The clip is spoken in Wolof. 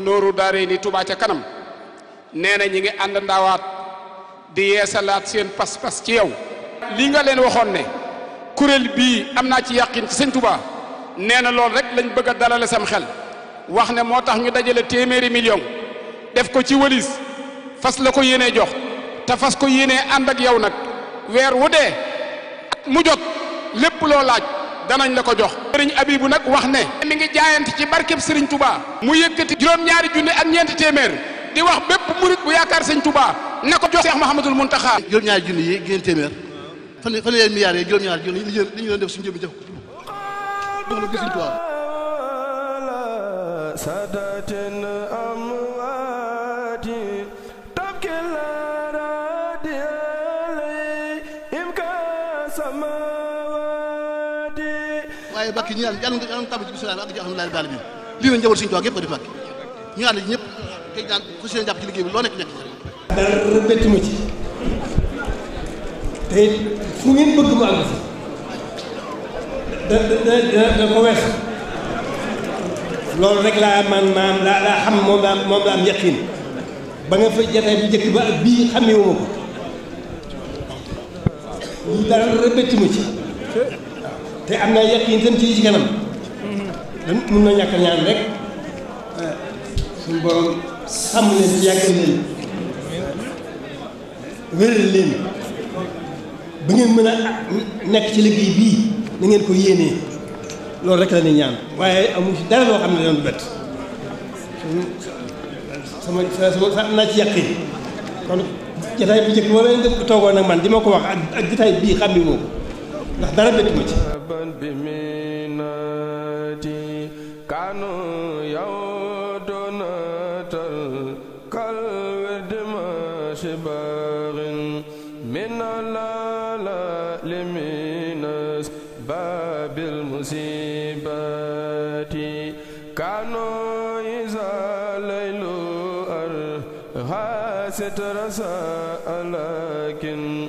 nooru daare ni Touba ca kanam nee na ñi ngi ànd ndaawaat di yeesalaat seen pas-pas ci yow lii nga leen waxoon ne kuréel bii am naa ci yàqin ci sëñ Touba nee na loolu rek lañ bëgg a dalale sam xel wax ne moo tax ñu dajale téeméeri million def ko ci wëlis fas la ko yéene jox te fas ko yéenee ànd ak yow nag weer wu dee mu jot lépp loo laaj danañ la ko jox sëriñ abibu nag wax ne mi ngi jaayante ci barkeb sëriñ Touba mu yëkkati juróom-ñaari junne ak ñeenti téeméer di wax bépp murit bu yaakaar sëñ Touba na ko jox Cheikh Mahamadul Muntaxa juróom-ñaari junne yi gën téeméer fan fan leen milliards yi juróom-ñaari junne yi li ñu doon def suñu jëmm def ko dox la sëñ Touba sama waaye bàkki ñu yàlla nga yàlla nga tàbbi ci bisimilah ak joxam laal baal bi lii na njaboot suñu toog yëpp loolu rek laa man maam laa laa xam moom laa moom laa am yaqiin ba nga fa jataay njëkk ba ak bii xamewuma ko lii dara ma ci te am naa yàq yi itam ci ci kanam dan mun na ñàkk ñaan rek suñu borom sàmm leen ci yàggal leen wéral leen ba ngeen mën a nekk ci liggéey bii na ngeen ko yéenee loolu rek la ni ñaan waaye amu ci dara loo xam ne doon bett sama sama naa ci yàq yi kon jataay bi njëkk wala def toogoon nag man di ma ko wax ak ak jataay bii xam bi moom ndax dara bettu ma ci. سترسى لكن